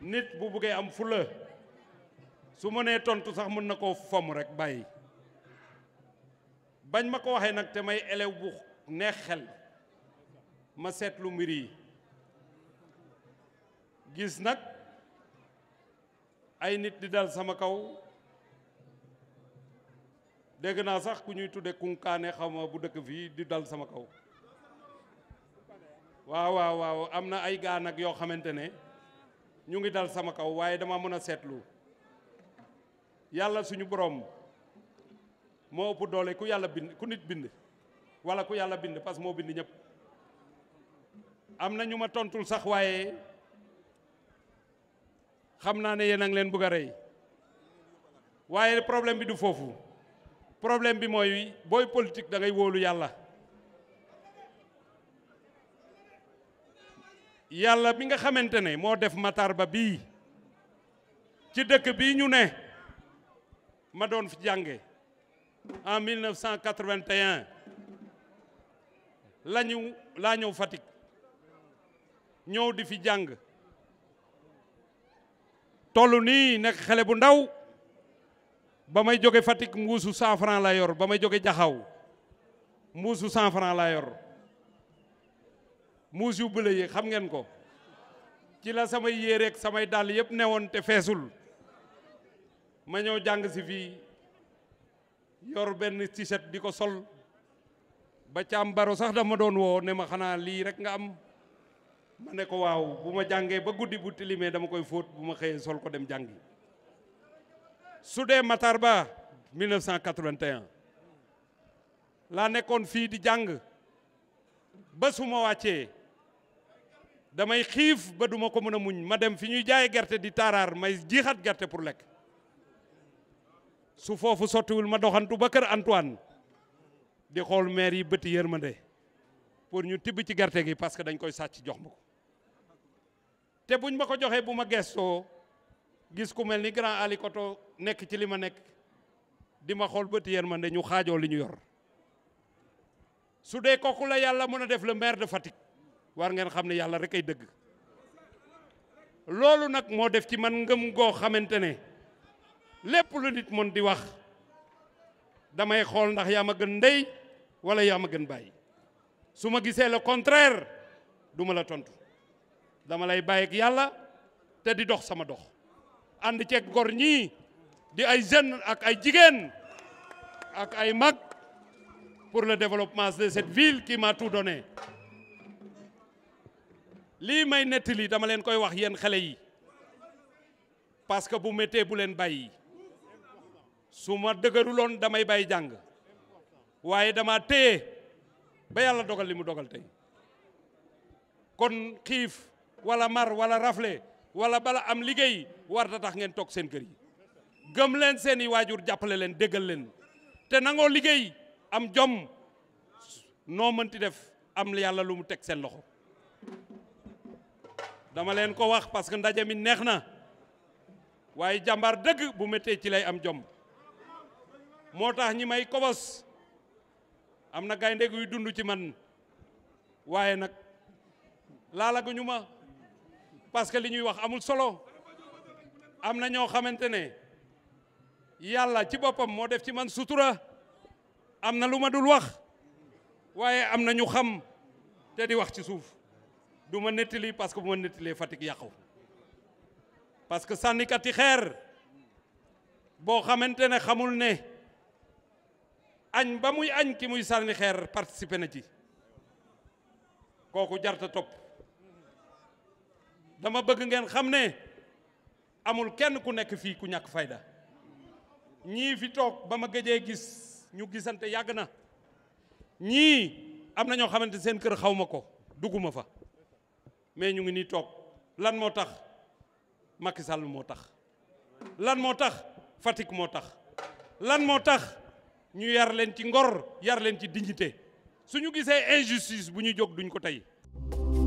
nit bu buggee am fula su ma nee tontu sax mën na koo fomm rek bàyyi bañ ma ko waxee nag te may élève bu neex xel ma seetlu mbir yi gis nag ay nit di dal sama kaw dégg naa sax ku ñuy tudde kunkaane xawma bu dëkk fii di dal sama kaw waaw waaw waaw am na ay gaa nag yoo xamante ne ñu ngi dal sama kaw waaye dama mën a seetlu yàlla suñu borom moo ëpp doole ku yàlla bind ku nit bind wala ku yàlla bind parce que moo bind ñëpp am na ñu ma tontul sax waaye xam naa ne yéen a leen bëgg a rey waaye problème bi du foofu problème bi mooy booy politique da ngay wóolu yàlla yàlla bi nga xamante ne moo def Matar Ba bii ci dëkk bii ñu ne ma doon fi jànge en 1981 la ñu laa ñëw Fatick ñëw di fi jàng tollu nii nekk xale bu ndaw ba may jóge Fatick mbuusu 100 francs la yor ba may jóge jaxaw mbuusu 100 francs la yor muus yu bële yi xam ngeen ko ci la samay yéereeg samay dàll yëpp newoon te feesul ma ñëw jàng si fii yor benn tiset di ko sol ba caam baro sax dama doon woo ne ma xanaa lii rek nga am ma ne ko waaw bu ma jàngee ba guddi bu tilimee dama koy fóot bu ma xëyee sol ko dem jàngi su dee Matar Ba 1981 laa nekkoon fii di jàng ba su ma wàccee damay xiif ba duma ko mën a muñ ma dem fi ñuy jaay gerte di taaraar may jiixat gerte pour lekk su foofu sottiwul ma doxantu ba kër Antoine di xool maire yi bëti yërmande pour ñu tibb ci gerte gi parce que dañ koy sàcc jox ma ko te buñ ma ko joxee bu ma gestoo gis ku mel ni grand Ali nekk ci li ma nekk di ma xool bëti yërmande ñu xaajoo li ñu yor su dee kooku la yàlla mën a def le maire de Fatick war ngeen xam ne yàlla rek ay dëgg loolu nag moo def ci man ngëm goo xamante ne lépp lu nit mën di wax damay xool ndax yaa ma gën ndey wala yaa ma gën bàyyi su ma gisee la contraire duma la tontu dama lay bàyyi ak yàlla te di dox sama dox ànd ceeg gor ñii di ay jeunes ak ay jigéen ak ay mag pour le développement de cette ville qui m'a tout donné lii may nett lii dama leen koy wax yéen xale yi parce que bu méttee bu leen bàyyi su ma dëgëruloon damay bàyyi jàng waaye dama téye ba yàlla dogal li mu dogal tey kon xiif wala mar wala rafle wala bala am liggéey war da tax ngeen toog seen kër yi gëm leen seeni waajur jàppale leen déggal leen te nangoo liggéey am jom noo mënti def am yàlla lu mu teg seen loxo dama leen ko wax parce que ndaje mi neex na waaye jàmbaar dëgg bu méttee ci lay am jom moo tax ñi may kobos am na gaynde guy dund ci man waaye nag laalaguñu ma parce que li ñuy wax amul solo am na ñoo xamante ne yàlla ci boppam moo def ci man sutura am na lu ma dul wax waaye am na ñu xam te di wax ci suuf du ma nettali parce que bu ma nettalee Fatick yàqu parce que sànnikati xeer boo xamante ne xamul ne añ ba muy añ ki muy sànni xeer participer na ci kooku jarta topp dama bëgg ngeen xam ne amul kenn ku nekk fii ku ñàkk fayda ñii fi toog ba ma gëjee gis ñu gisante yàgg na ñii am na ñoo xamante seen kër xaw ma ko dugguma fa mais ñu ngi nii toog lan moo tax Macky moo tax lan moo tax Fatick moo tax lan moo tax ñu yar leen ci ngor yar leen ci dignité su ñu gisee injustice bu ñu jóg ñu ko tey